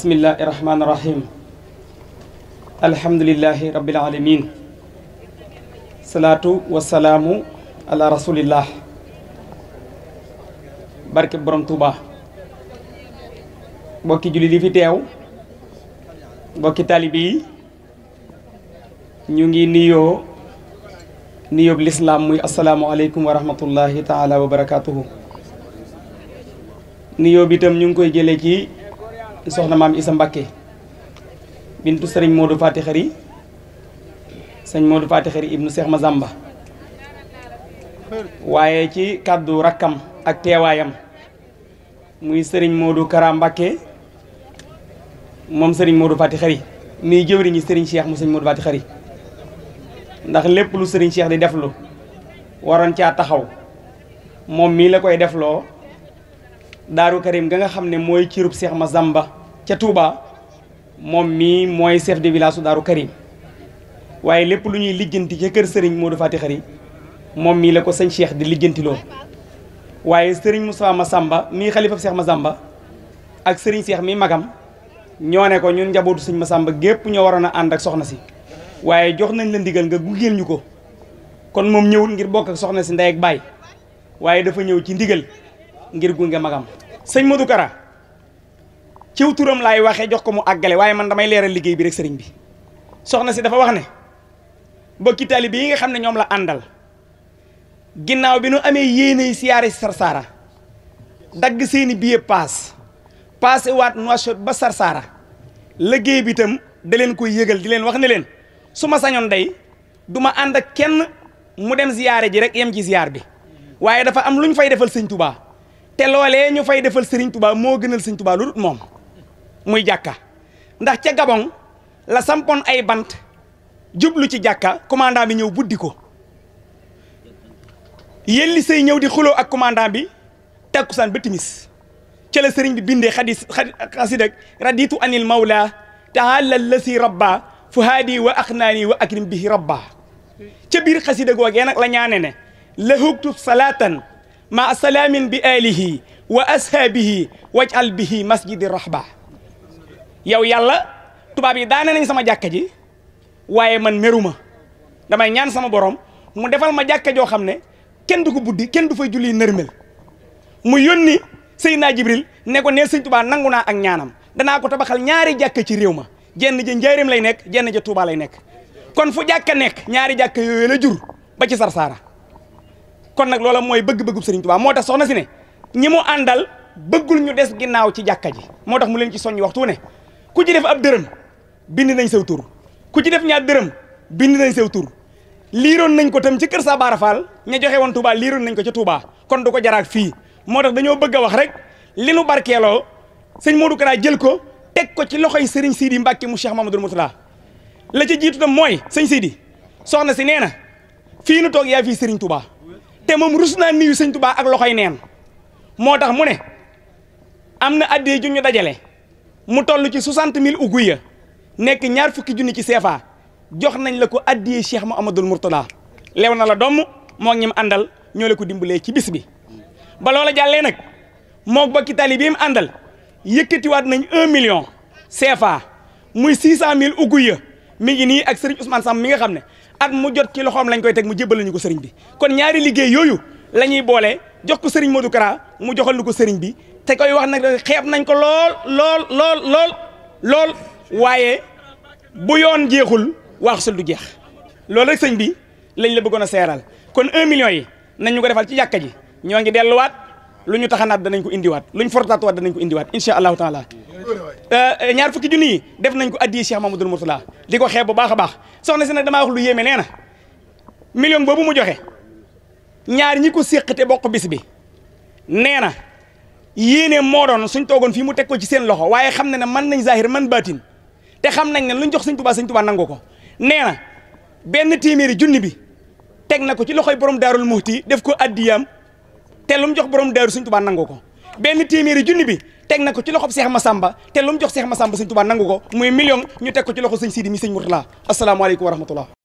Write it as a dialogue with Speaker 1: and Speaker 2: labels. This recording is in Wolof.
Speaker 1: bismillahi rahmaani rahim alhamdulilahi rabbil alamin salaatu wasalaamu ala rasulillah barke borom Touba mbokki jullit yi fi teew mbokki taalibe ñu ngi nuyoo nuyoob lislaam muy asalaamualeykum wa rahmatullahi taala wa barakaatuhu nuyoo bi itam ñu ngi koy jëlee ci soxna maam Isa Mbakke bintu sëriñ Modou Fati Xari sëñ Modou Fati Xari ibnu Seex ma Mazamba waaye ci kàddu rakkam ak teewaayam muy sëriñ Modou Kara Mbakke moom sëriñ Modou Fati Xari muy jëwriñi sëriñ Cheikh mu sëñ Modou Fati Xari ndax lépp lu sëriñ seex di deflu waroon caa taxaw moom mii la koy defloo daaru karim ga nga xam ne mooy cirub Seex ma Mazamba ca Touba moom mii mooy chef de village su Daaru Karim waaye lépp lu ñuy lijjanti ca kër Serigne Fati Xari moom mii la ko sëñ Cheikh di lijjanti loo waaye Serigne ma Massamba mii xalifa ma sàmba ak sëriñ Cheikh mii magam ñoo ne ko ñun njabootu sëñ ma sàmba gépp ñoo waroon a ànd ak soxna si waaye jox nañ la ndigal nga gungeel ñu ko kon moom ñëwul ngir bokk ak soxna si ndey ak baay waaye dafa ñëw ci ndigal ngir gunge magam sëñ du Kara ciw turam laay waxee jox ko mu àggale waaye man damay leeral liggéey bi rek sëriñ bi soxna si dafa wax ne bokki taalibe yi nga xam ne ñoom la àndal ginnaaw bi nu amee yéenay siyaare Sarsara dagg seeni billet paas paase waat Nouakchott ba Sarsara liggéey bi itam da leen koy yëgal di leen wax ne leen su ma sañoon day du ma ànd ak kenn mu dem siyaare ji rek yem ci ziyaar bi waaye dafa am lu ñu fay defal sëñ Touba te loolee ñu fay defal sëriñ Touba moo gënal sëñ moom. muy jàkka ndax ca Gabon la sampon ay bant jublu ci jàkka commandant bi ñëw buddi ko yelli say ñëw di xuloo ak commandant bi takkusaan ba timis ca sëriñ bi bindee xadis xasid ak raditu anil mawla taala lasi rabba fuhaadi wa axnaani wa akrim bihi rabba ca biir xasida googee nag la ñaane ne lahugtu salaatan ma salaamin bi alihi wa ashaabihi wajal bihi masjidi rahba yow yàlla tubaab yi daane nañ sama jàkka ji waaye man meruma damay ñaan sama borom mu defal ma jàkka joo xam ne kenn du ko buddi kenn du fay julli nërmel mu yónni sëy Jibril ne ko nee sëñ Tuubaa nangu naa ak ñaanam danaa ko tabaxal ñaari jàkka ci réew ma jenn ja njaareem lay nekk jenn ja Tuubaa lay nekk kon fu jàkka nekk ñaari jàkka yooyu la jur ba ci Sarsara kon nag loola mooy bëgg-bëggub Sëriñ Tuubaa moo tax soxna si ne ñi mu àndal bëggul ñu des ginnaaw ci jàkka ji moo tax mu leen ci soññ waxtu ne ku ci def ab dërëm bind nañ sew tur ku ci def ñaar dërëm bind nañ sew tur liiroon nañ ko tam ci kër Sabara Fall ña joxe woon Touba liiroon nañ ko ci Touba kon du ko jaraak fii moo tax dañoo bëgg a wax rek li nu barkeeloo sëñ Modou Kara jël ko teg ko ci loxoy Serigne Sidi Mbacke mu Cheikh Mamadou Moutala la ca jiitu tam mooy sëñ Sidi soxna si nee na fii nu toog yaa fii Serigne Touba te moom rus naa nuyu sëñ Touba ak loxoy neen moo tax mu ne am na addee ju ñu dajale. mu toll ci soixante mille uguya nekk ñaar fukki junni ci CFA jox nañ la ko addiyee Cheikh Mouhamadul Mourtada lew na la doom moo ñim àndal ñoo la ko dimbalee ci bis bi ba loola jàllee nag moo bokki taalibe yi àndal yëkkatiwaat nañ un million CFA muy six cent mille uguya mi ngi nii ak Serigne Ousmane Sam mi nga xam ne at mu jot ci loxoom lañ koy teg mu jébbal lañu ko Serigne bi kon ñaari liggéey yooyu la ñuy boole jox ko Serigne moo Kara mu joxal ko Serigne bi te koy wax nag xeeb nañ ko lool lool lool lool lool waaye bu yoon jeexul waaxu sul du jeex loolu rek sëñ bi lañ la buggoon a seeral kon un million yi nañ ko defal ci jàkka ji ñoo ngi delluwaat lu ñu taxanaat danañ ko indiwaat lu ñu fortaatuwaat danañ ko indiwaat incha allahu taala euh, ñaar fukki junni yi def nañ ko addi Cheikh Mamadou Mourtala di ko xeeb bu baax a baax soxna si nag damaa wax lu yéeme nee million boobu mu joxe ñaar ñi ko séq te bokk bis bi nee na yéene moo doon suñ toogoon fii mu teg ko ci seen loxo waaye xam na ne man nañ zahir man baatin te xam nañ ne luñ jox sëñ Tuubaa sëñ Tuubaa nangu ko nee na benn téeméeri junni bi teg na ko ci loxoy borom daarul muxti def ko addiyaam te nu mu jox borom daaru sëñ Tuubaa nangu ko benn téeméeri junni bi teg na ko ci loxob Seex Masamba te lu mu jox Seex Masamba sëñ Tuubaa nangu ko muy million ñu teg ko ci loxo sëñ Sidi mi sëñ Murtala asalaamaaleykum wa rahmatullah